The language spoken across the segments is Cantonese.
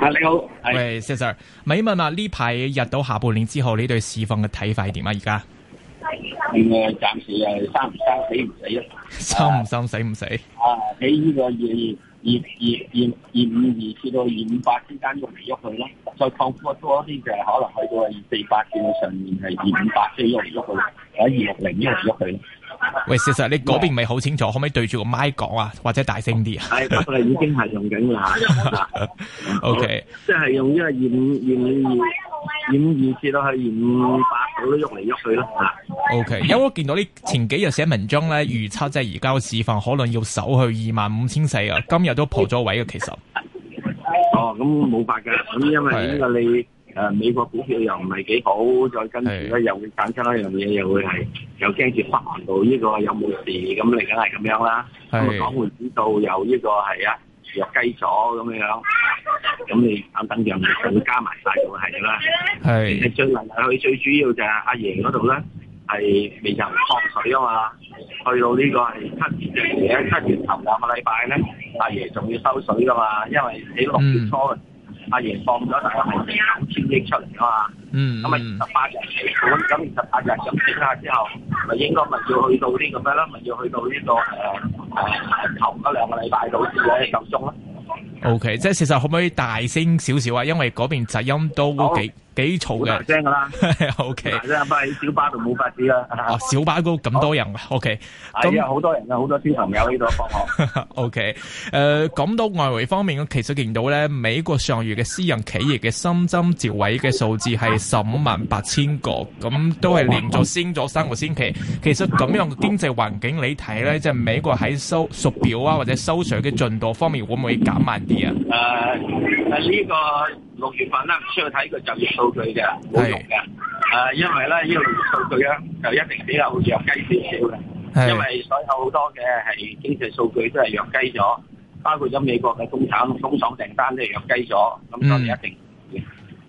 啊，你好！喂，Sir Sir，咪問下呢排入到下半年之後，你對市況嘅睇法係點啊？而家誒，暫時係生唔生死唔死咯，生唔生死唔死。啊，喺呢個二二二二二五二至到二五八之間喐嚟喐去咯，再擴闊多啲就係可能去到二四八線上面係二五八先喐嚟喐去，或者二六零喐嚟喐去咯。喂，事實是你嗰邊未好清楚，可唔耶 可以不對住個麥講啊，或者大聲啲啊？係、哎，我哋已經係用緊嘅 O K，即係用一二現二現二現設落去現八股都喐嚟喐去咯 O K，因為我見到你前幾日寫文章咧，預測即係而家個市況可能要守去二萬五千四啊，今日都破咗位嘅，其實。哦，咁冇法噶，咁因為呢個你。誒美國股票又唔係幾好，再跟住咧又會產生一樣嘢，又會係又驚住北韓到呢個有冇事，咁嚟緊係咁樣啦。咁啊港匯指數又呢個係啊弱雞咗咁樣樣，咁你等等樣嘢會加埋曬，會係啦。係，你最難係佢最主要就係阿爺嗰度咧，係未就放水啊嘛。去到呢個係七月嘅七月頭兩個禮拜咧，阿爺仲要收水噶嘛，因為喺六月初。阿爺放咗大概係九千億出嚟啊嘛，咁啊十八日咁咁咁十八日咁跌下之後，咪應該咪要去到呢咁咩咧？咪、就是、要去到呢、這個誒、啊啊、頭嗰兩個禮拜到嘅夠鐘咯。O、okay, K，即係事實，可唔可以大聲少少啊？因為嗰邊雜音都幾幾嘈嘅，吵大聲噶啦 ，O okay , K，大咪小巴度冇法子啦、啊啊。小巴都咁多人，O K，咁有好多人多有好多小朋友呢度，O K，誒，講、 okay, 呃、到外圍方面，其實見到咧，美國上月嘅私人企業嘅新增職位嘅數字係十五萬八千個，咁、嗯、都係連續升咗三個星期。其實咁樣嘅經濟環境，你睇咧，即係美國喺收縮表啊或者收水嘅進度方面，會唔會減慢啲啊？誒、呃、呢、這個。六月份啦，出去睇佢就業數據嘅，冇用嘅。誒是、啊，因為咧呢個數據咧就一定比較弱雞少少嘅，是 因為所有好多嘅係經濟數據都係弱雞咗，包括咗美國嘅工廠、工廠訂單都係弱雞咗。咁當然一定，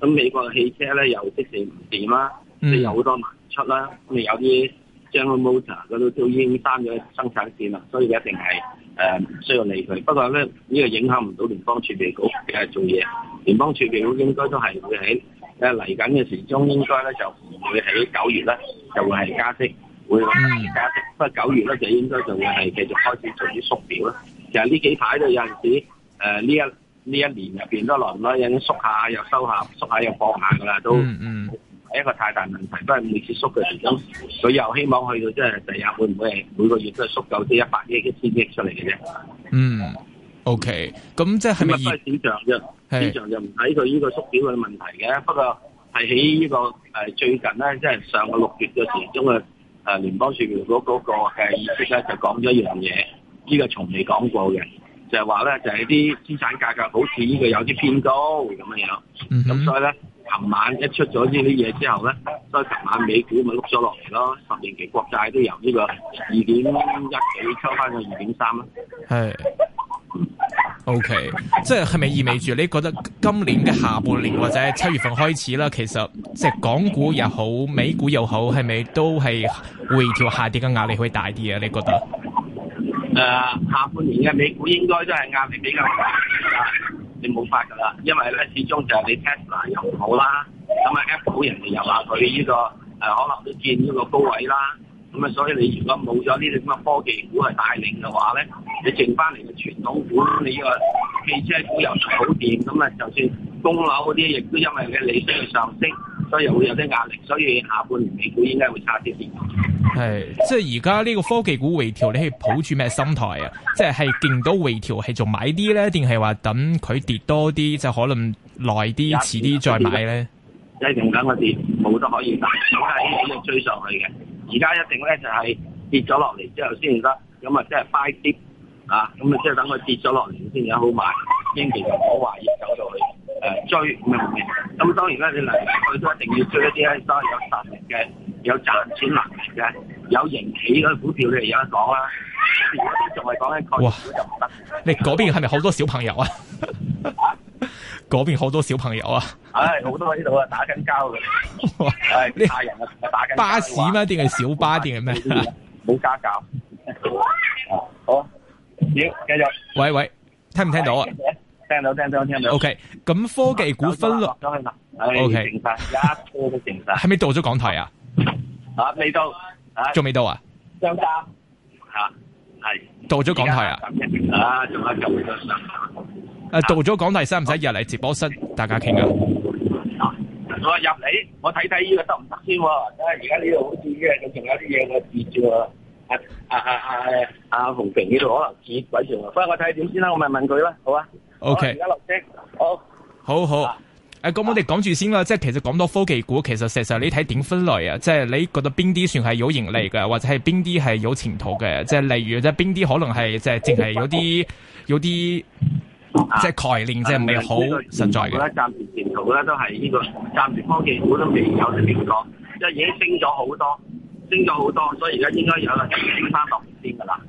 咁美國嘅汽車咧又即是唔掂啦，即有好多賣唔出啦，咁有啲 General Motor 嗰度都已經閂咗生產線啦，所以一定係。誒，需要理佢，不過咧呢個影響唔到聯邦儲備局嘅做嘢。聯邦儲備局應該都係會喺，即嚟緊嘅時鐘應該咧就唔會喺九月咧就會係加息，會加息。不過九月咧就應該就會係繼續開始做啲縮表啦。其實呢幾排咧有陣時，誒呢一呢一年入邊都嚟唔多，有啲縮下又收下，縮下又放下噶啦，都。一個太大問題，都係每次縮嘅時候，佢又希望去到即係第二日會唔會係每個月都係縮夠即一百億、一千億出嚟嘅啫。嗯，OK，咁即係係乜都係市場啫，就係係咪市場就唔睇佢呢個縮表嘅問題嘅。是不過係喺呢個最近咧，即係上個六月嘅時候嘅聯邦儲備局嗰個議息咧，就講咗一樣嘢，呢個從未講過嘅，就係話咧就係啲資產價格好似呢個有啲偏高咁樣，咁、嗯、哼所以咧。琴晚一出咗呢啲嘢之後咧，所以琴晚美股咪碌咗落嚟咯，十年期國債都由呢個二點一幾抽翻個二點三啦。係、hey.，OK，即係係咪意味住你覺得今年嘅下半年或者七月份開始啦，其實即係港股又好、美股又好，係咪都係回調下跌嘅壓力會大啲啊？你覺得？誒，uh, 下半年嘅美股應該都係壓力比較大。發㗎啦，因為咧始終就係你 Tesla 又唔好啦，咁啊 Apple 人哋又話佢呢個誒、呃、可能都見呢個高位啦，咁啊所以你如果冇咗呢啲咁嘅科技股去帶領嘅話咧，你剩翻嚟嘅傳統股，你呢個汽車股又好掂，咁啊就算供樓嗰啲亦都因為嘅利息上升，所以會有啲壓力，所以下半年美股應該會差啲啲。係、哎，即係而家呢個科技股回調，你係抱住咩心態啊？即係見到回調係仲買啲咧，定係話等佢跌多啲，就可能耐啲，遲啲再買咧？一定咁嘅跌冇得可，可，可以，而家呢啲就追上去嘅。而家一定咧就係跌咗落嚟之後先得，咁啊即係快啲啊，咁啊即係等佢跌咗落嚟先好買，先其實唔好話要走落去誒、呃、追咩嘅。咁當然啦，你嚟去都一定要追一啲係真係有實力嘅。有賺錢能力嘅有盈企嗰啲股票咧，有得講啦。而家啲仲係講喺國內就唔得。你嗰邊係咪好多小朋友啊？嗰邊好多小朋友啊！唉，好多喺度啊，打緊交嘅。啲人啊，打緊巴士咩？定係小巴定係咩？冇家教。好，哎，繼續。喂喂，聽唔聽到啊？聽到，聽到，聽到。OK，咁科技股分落。OK，係咪到咗港台啊？啊未到，啊，仲未到啊？張家，吓，係，到咗港台啊？啊，仲係咁多啊，到咗港台，使唔使入嚟直播室大家傾啊？我話入嚟，我睇睇呢個得唔得先？喎。係而家呢度好似呢仲有啲嘢我截住啊！啊，啊，阿阿洪平要攞啊，節、啊啊啊、鬼住，所以我睇下點先啦，我咪問佢啦，好啊？O K，而家落車，好，啊好，好好。誒，咁、啊、我哋講住先啦，即係其實講到科技股，其實實實你睇點分類啊，即係你覺得邊啲算係有盈利嘅，或者係邊啲係有前途嘅，即係例如啫，邊啲可能係即係淨係有啲有啲即係概念、啊，即係唔係好實在嘅。暫時前途咧、啊、都係呢、這個，暫時科技股都未有得跌咗，即係已經升咗好多，升咗好多，所以而家應該有個止升翻落先噶啦。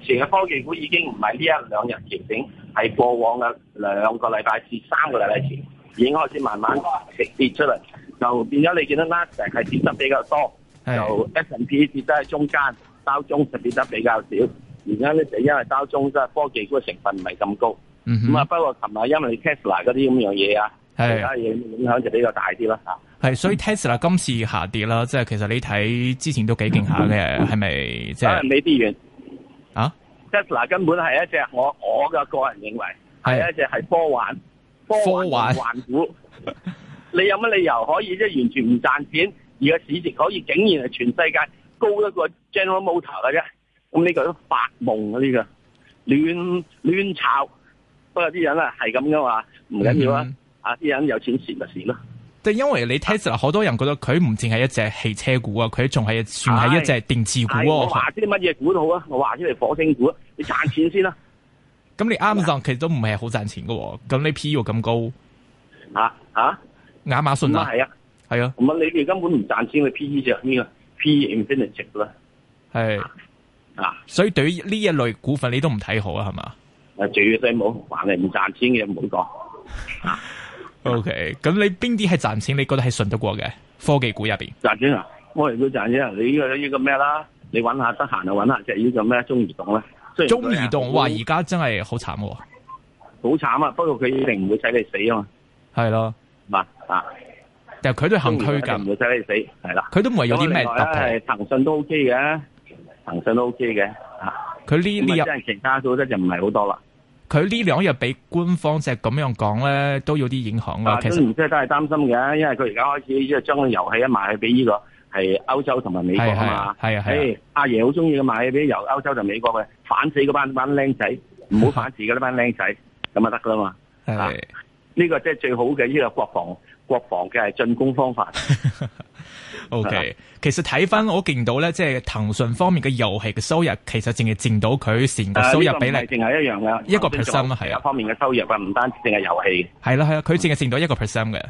誒，前嘅科技股已經唔係呢一兩日調整，係過往嘅兩個禮拜至三個禮拜前。已經開始慢慢直跌出嚟，就變咗你見到納指係跌得比較多，就 S&P 跌得喺中間，包中就跌得比較少。而家咧就因為包中即係科技嗰個成分唔係咁高，咁啊、嗯哼，不過琴日因為你 Tesla 嗰啲咁樣嘢啊，其他嘢影響就比較大啲啦。吓，係所以 Tesla 今次下跌啦，即、就、係、是、其實你睇之前都幾勁下嘅，係咪？即未必遠啊，啊？Tesla 根本係一隻我我嘅個人認為係的一隻係科網。科幻股科幻，你 有乜理由可以即係、就是、完全唔賺錢，而個市值可以竟然係全世界高得過 General Motors 啊？啫、這個，咁呢個都發夢啊！呢個亂亂炒，不過啲人啊係咁噶嘛，唔緊要啊，啊啲、嗯、人有錢蝕咪蝕咯。就、嗯、因為你 Tesla 好、啊、多人覺得佢唔淨係一隻汽車股啊，佢仲係算係一隻電池股啊、哎想哎。我話啲乜嘢股都好啊，我話啲你火星股賺啊，你賺錢先啦。咁你啱上其實都唔係好賺錢噶，咁你 P E 咁高，啊啊亞馬遜啊，係啊，係啊，咁啊呀你哋根本唔賺錢，嘅 P E 就呢個 P E infinity 啦，係是啊，所以對呢一類股份你都唔睇好啊，係嘛？啊最最冇同埋你唔賺錢嘅唔好講。O K，咁你邊啲係賺錢？你覺得係信得過嘅科技股入邊？賺錢啊，我係要賺錢啊，你依個依個咩啦？你揾下得閒就揾下隻依個咩中移動啦、啊。中移、啊、動，我話而家真係好慘喎、啊，好慘啊！不過佢一定唔會使你死啊，係咯，係嘛啊？但係佢都行區噶，唔會使你死，係啦。佢都唔係有啲咩特別、啊、騰訊都 OK 嘅，騰訊都 OK 嘅啊！佢呢呢日其他股息就唔係好多啦。佢呢兩日俾官方即係咁樣講咧，都有啲影響啊。其實唔即係都係擔心嘅，因為佢而家開始即係將個遊戲一賣俾呢個。係歐洲同埋美國啊嘛，係啊係啊，阿爺好中意嘅買嘢俾由歐洲同美國嘅，反死嗰班班僆仔，唔好反自己呢班僆仔，咁就得噶啦嘛，係啦，呢個即係最好嘅呢個國防國防嘅係進攻方法。O K，其實睇翻我見到咧，即係騰訊方面嘅遊戲嘅收入，其實淨係佔到佢成個收入比你。淨係一樣噶，一個 percent 咯，係啊。方面嘅收入啊，唔單止淨係遊戲，係啦係啊，佢淨係佔到一個 percent 嘅。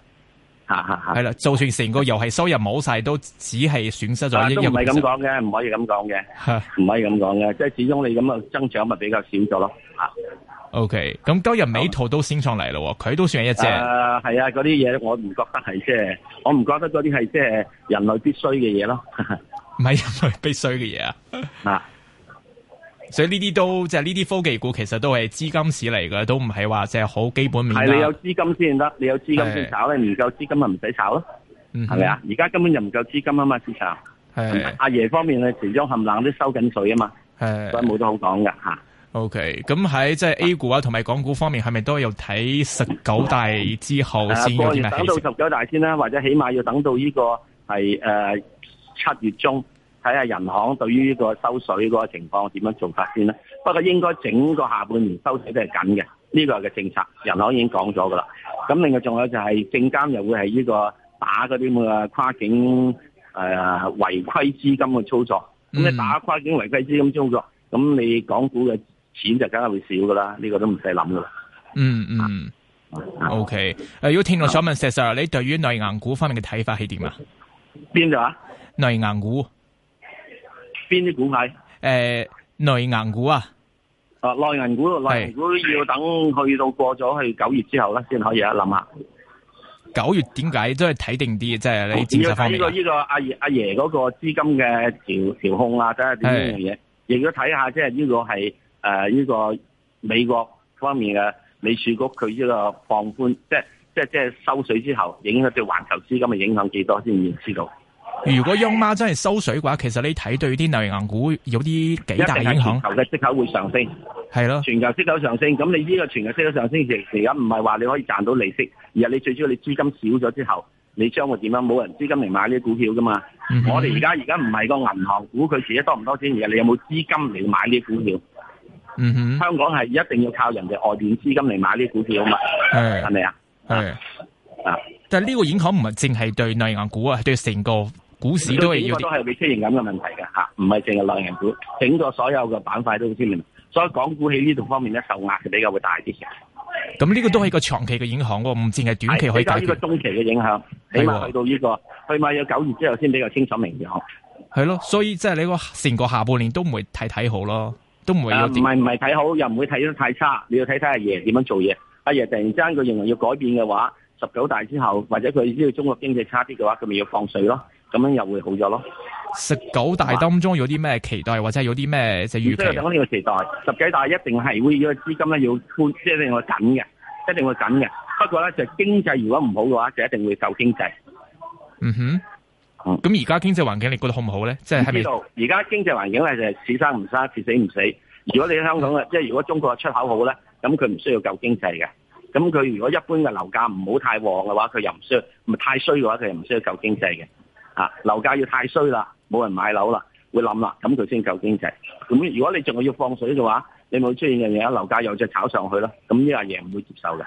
係啦， 就算成個遊戲收入冇晒，都只係損失咗呢樣嘢。唔係咁講嘅，唔可以咁講嘅，唔 可以咁講嘅，即係始終你咁嘅增長咪比較少咗咯。OK 咁今日美圖都升上嚟咯，佢都算係一隻。誒，係啊，嗰啲嘢我唔覺得係即係，我唔覺得嗰啲係即係人類必須嘅嘢咯。唔係人類必須嘅嘢啊？所以呢啲都即係呢啲科技股，其實都係資金市嚟嘅，都唔係話即係好基本面。係你有資金先得，你有資金先炒，你唔夠資金咪唔使炒咯，係咪啊？而家根本就唔夠資金啊嘛，市場。係是阿爺方面咧，始終冚冷都收緊水啊嘛，是所以冇得好講㗎。吓。OK，咁喺即係 A 股啊，同埋港股方面，係咪、啊、都要睇十九大之後先有啲咩、啊、等到十九大先啦，或者起碼要等到呢、這個係誒七月中。睇下人行對於呢個收水嗰個情況點樣做法先啦。不過應該整個下半年收水都係緊嘅。呢個嘅政策人行已經講咗㗎喇。咁另外仲有就係、是、證監又會係呢個打嗰啲咁嘅跨境誒、呃、違規資金嘅操作。咁你打跨境違規資金操作，咁你港股嘅錢就梗係會少㗎喇。呢、這個都唔使諗㗎喇。嗯、啊、嗯。O K。如果聽眾想問石、啊、Sir 你對於內銀股方面嘅睇法係點啊？邊度啊？內銀股。邊啲股買？誒、呃，內銀股啊，啊，內銀股，內銀是股要等去到過咗去九月之後咧，先可以一諗下。九月點解都係睇定啲？即係你知政策方面。要、這個呢、這個阿、啊、爺阿爺嗰個資金嘅調調控啊，即係點樣嘢？亦都睇下，即係呢個係誒呢個美國方面嘅美儲局，佢呢個放寬，即係即係即係收水之後，影響對環球資金嘅影響幾多先至知道。如果央媽真係收水嘅話，其實你睇對啲內銀股有啲幾大影響？全球嘅息口會上升，係咯的，全球息口上升，咁你呢個全球息口上升時，而家唔係話你可以賺到利息，而係你最主要你資金少咗之後，你將會點樣？冇人資金嚟買呢啲股票噶嘛？嗯、哼我哋而家而家唔係個銀行股佢自己多唔多錢，而係你有冇資金嚟買呢啲股票？嗯哼，香港係一定要靠人哋外邊資金嚟買呢啲股票嘛？係，係咪啊？係啊，但係呢個影響唔係淨係對內銀股啊，對成個。股市都係要，個都係會出現咁嘅問題嘅吓，唔係淨係藍營股，整個所有嘅板塊都知明。所以港股喺呢度方面咧，受壓係比較會大啲嘅。咁呢、嗯、個都係一個長期嘅影響，唔止係短期可以解釋。呢個中期嘅影響，起碼去到呢、這個，啊、起碼、這個、有九月之後先比較清楚明嘅嗬。係咯、啊，所以即係你個成個下半年都唔會睇睇好咯，都唔會有唔係唔係睇好，又唔會睇得太差。你要睇睇阿爺點樣做嘢。阿爺突然間佢認為要改變嘅話，十九大之後或者佢知道中國經濟差啲嘅話，佢咪要放水咯。咁樣又會好咗咯。十九大當中有啲咩期待、啊、或者有啲咩即係預期？即呢個時代，十九大一定係會個資金咧要即係令緊嘅，一定會緊嘅。不過咧就係、經濟如果唔好嘅話，就一定會救經濟。嗯哼，咁而家經濟環境你覺得好唔好咧？即、就、係、是、知道而家經濟環境咧就係死生唔生，死死唔死。如果你香港嘅，即係、嗯、如果中國嘅出口好咧，咁佢唔需要救經濟嘅。咁佢如果一般嘅樓價唔好太旺嘅話，佢又唔需要；唔係太衰嘅話，佢又唔需要救經濟嘅。啊！樓價要太衰啦，冇人買樓啦，會冧啦，咁佢先救經濟。咁如果你仲係要放水嘅話，你冇出現嘅嘢，樓價又再炒上去咯，咁呢樣嘢唔會接受嘅。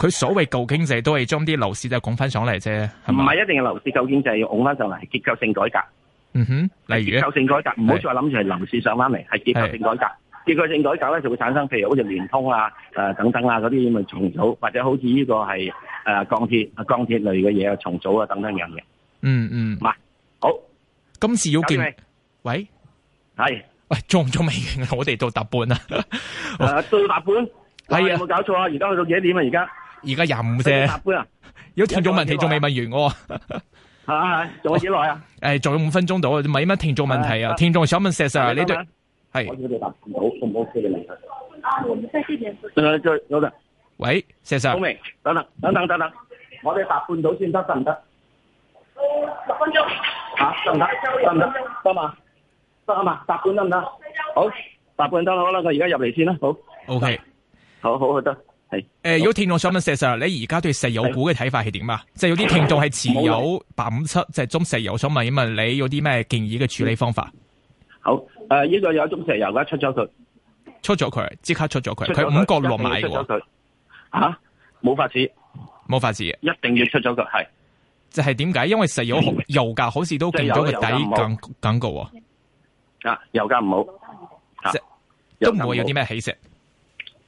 佢所謂救經濟都係將啲樓市就拱翻上嚟啫，唔係一定係樓市救經濟要拱翻上嚟，結構性改革。嗯哼，例如咧，結構性改革唔好再話諗住係樓市上翻嚟，係結構性改革。是結構性改革咧是就會產生，譬如好似聯通啊、誒、呃、等等啊嗰啲咁嘅重組，或者好似呢個係誒、呃、鋼鐵、鋼鐵類嘅嘢啊重組啊等等嘅嗯嗯，好，今次要見喂係喂，做唔做未？我哋到搭半啊，到搭半係有冇搞錯啊？而家去到幾多點啊？而家而家廿五啫，搭半啊！如果聽眾問題仲未問完我啊，係仲有幾耐啊？誒，仲有五分鐘到，咪乜聽眾問題啊？聽眾想問石 Sir，呢對係，我哋達到 OK 嘅喂，石 Sir，好明，等等等等等等，我哋達半到先得，得唔得？好，十分鐘吓，十分鐘得嘛？得啊嘛？八半得唔得？好，八半得啦，咁啦，佢而家入嚟先啦。好，OK，好好，得係。誒，有、呃、好聽眾想問石 Sir 你而家對石油股嘅睇法係點啊？即係是有啲聽眾係持有八五七，即係中石油，想問一問你有啲咩建議嘅處理方法？好，誒、呃，呢、這個有中石油啦，出咗佢，出咗佢，即刻出咗佢，佢五角六買嘅。吓，冇發市，冇發市，一定要出咗佢，係、啊。就係點解？因為石油油價好似都見咗個底，講講告啊，油價唔好，即係都唔會有啲咩起色？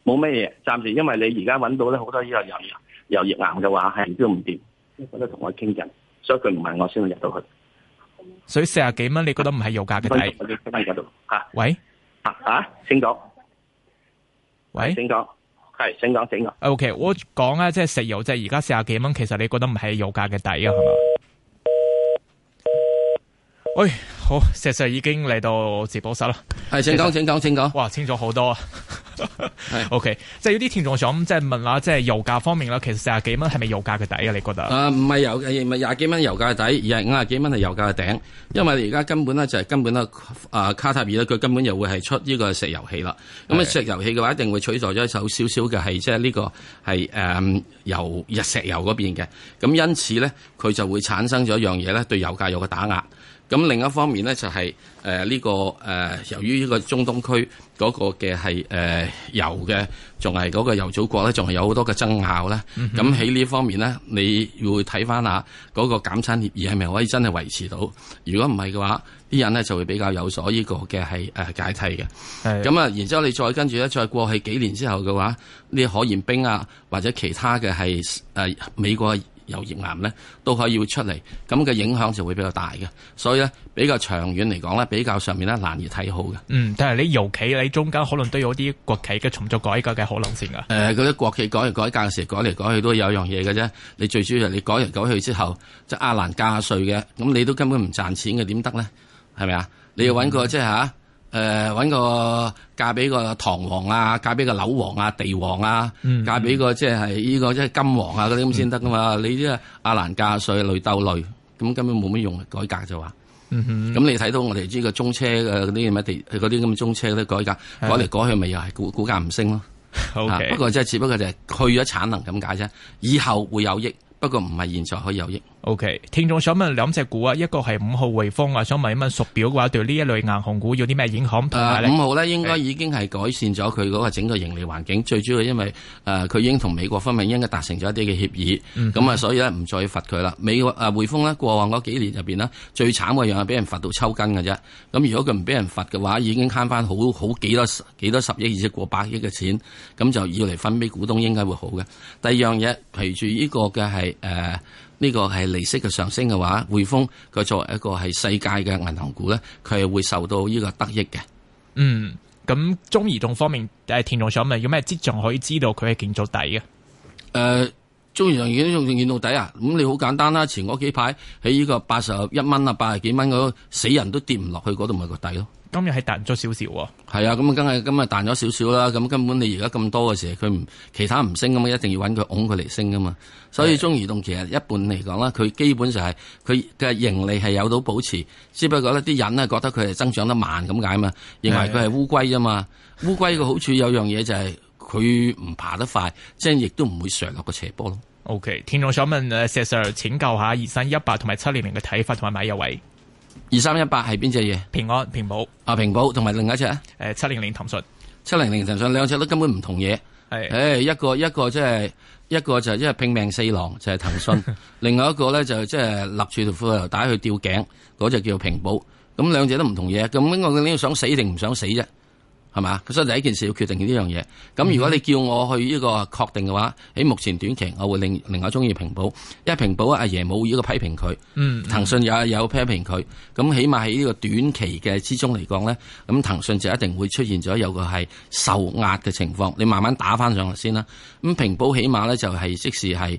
冇咩嘢，暫時因為你而家揾到咧好多呢個油油頁岩嘅話係都唔掂，我都同我傾緊，所以佢唔係我先會入到去，所以四十幾蚊你覺得唔係油價嘅底？我哋清翻而度吓，喂，啊啊，清咗，喂，請講。係，請講請講，O K，我講啊，即係石油，即係而家四啊幾蚊，其實你覺得唔係油價嘅底啊，係嘛？ 喂、哎，好，石石已經嚟到直播室啦。係，請講實，請講，請講。哇，清楚好多啊。係 是，OK。即係有啲聽眾想即係問啦，即、就、係、是、油價方面啦，其實四十幾蚊係咪油價嘅底啊？你覺得？啊，唔係油嘅，唔係廿幾蚊油價嘅底，而係五十幾蚊係油價嘅頂。是因為而家根本呢就係、是、根本呢啊，卡塔爾呢佢根本又會係出呢個石油氣啦。咁啊是，石油氣嘅話一定會取代咗一手少少嘅係即係呢個係誒、嗯、油日石油嗰邊嘅。咁因此呢佢就會產生咗一樣嘢呢，對油價有個打壓。咁另一方面咧就係誒呢個誒、呃，由於呢個中東區嗰個嘅係、呃、油嘅，仲係嗰個油祖國咧，仲係有好多嘅爭拗咧。咁喺呢方面咧，你會睇翻下嗰個減產協議係咪可以真係維持到？如果唔係嘅話，啲人咧就會比較有所呢個嘅係誒解體嘅。係咁啊的，然之後你再跟住咧，再過去幾年之後嘅話，呢可燃冰啊，或者其他嘅係、呃、美國。油業難咧，都可以會出嚟，咁嘅影響就會比較大嘅，所以咧比較長遠嚟講咧，比較上面咧難以睇好嘅。嗯，但係你油企你中間可能都有啲國企嘅重組改革嘅可能性㗎。誒、呃，啲國企改嚟改價嘅時候，改嚟改去都有樣嘢嘅啫。你最主要係你改嚟改去之後，即係阿蘭加稅嘅，咁你都根本唔賺錢嘅，點得咧？係咪啊？你要揾個、嗯、即係嚇。啊。誒揾、呃、個嫁俾個唐王啊，嫁俾個柳王啊、地王啊，嗯、哼嫁俾個即係呢個即係金王啊嗰啲咁先得噶嘛！嗯、哼你啲阿蘭嫁水女豆類咁根本冇乜用，改革就話，咁、嗯、哼你睇到我哋呢個中車嘅嗰啲乜地嗰啲咁嘅中車啲改革，的改嚟改去咪又係股價唔升咯。不過即、就、係、是、只不過就係去咗產能咁解啫，以後會有益，不過唔係現在可以有益。O.K.，聽眾想問兩隻股啊，一個係五號匯豐啊，想問一問縮表嘅話，對呢一類銀行股有啲咩影響？五、呃、號呢應該已經係改善咗佢嗰個整個盈利環境，是最主要是因為誒佢、呃、已經同美國方面應該達成咗一啲嘅協議，咁啊、嗯哼，所以呢唔再罰佢啦。美國啊，匯、呃、豐呢過往嗰幾年入邊呢，最慘嘅樣係俾人罰到抽筋嘅啫。咁如果佢唔俾人罰嘅話，已經慳返好好幾多幾多十億，而且過百億嘅錢，咁就要嚟分俾股東應該會好嘅。第二樣嘢，譬如呢個嘅係誒。呃呢個係利息嘅上升嘅話，匯豐佢作為一個係世界嘅銀行股咧，佢係會受到呢個得益嘅。嗯，咁中移動方面，誒、呃，田龍想問，有咩跡象可以知道佢係見咗底嘅？誒、呃，中移動已經見到到底啊！咁、嗯、你好簡單啦、啊，前嗰幾排喺呢個八十一蚊啊，八十幾蚊嗰，死人都跌唔落去嗰度，咪個底咯。今日係彈咗少少喎、哦，係啊，咁啊，梗係咁啊，彈咗少少啦。咁根本你而家咁多嘅時候，佢唔其他唔升咁嘛，一定要揾佢拱佢嚟升噶嘛。所以中移動其實一般嚟講啦，佢基本上就係佢嘅盈利係有到保持，只不過咧啲人咧覺得佢係增長得慢咁解嘛，認為佢係烏龜啫嘛。的烏龜嘅好處有樣嘢就係佢唔爬得快，即係亦都唔會上落個斜坡咯。OK，聽眾想問誒石 Sir 請教下二三一八同埋七零零嘅睇法同埋買一位。二三一八係邊隻嘢？平安、平保啊，平保同埋另一隻誒、呃，七零零騰訊，七零零騰訊兩隻都根本唔同嘢，係誒的、哎、一個一個即係一個就係、是、拼命四郎，就係騰訊， 另外一個咧就即係立住條褲頭帶去吊頸，嗰隻叫平保，咁兩隻都唔同嘢，咁呢個佢呢個想死定唔想死啫？係嘛？所以第一件事要決定呢樣嘢。咁如果你叫我去呢個確定嘅話，喺、嗯、目前短期，我會另另外鍾意平保，因為平保阿爺冇呢個批評佢，嗯嗯、騰訊有有批評佢。咁起碼喺呢個短期嘅之中嚟講咧，咁騰訊就一定會出現咗有個係受壓嘅情況。你慢慢打返上去先啦。咁平保起碼咧就係即使係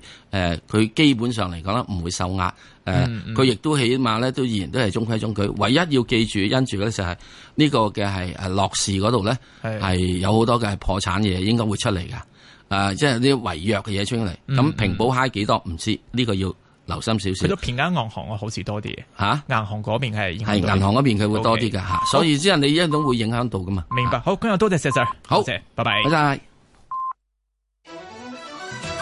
誒，佢、呃、基本上嚟講啦，唔會受壓。誒，佢亦都起碼咧，都依然都係中規中矩。唯一要記住，因住咧就係呢個嘅係係樂視嗰度咧係有好多嘅破產嘢應該會出嚟噶。誒是，即係啲違約嘅嘢出嚟。咁、嗯、平保嗨幾多唔知？呢、呢個要留心少少。都平安銀行啊，好似多啲嘅嚇。銀行嗰邊係係銀行嗰邊佢會多啲嘅好，所以即係你一種會影響到噶嘛。明白。好，今日多謝、石 Sir 好，謝，拜拜。拜，拜。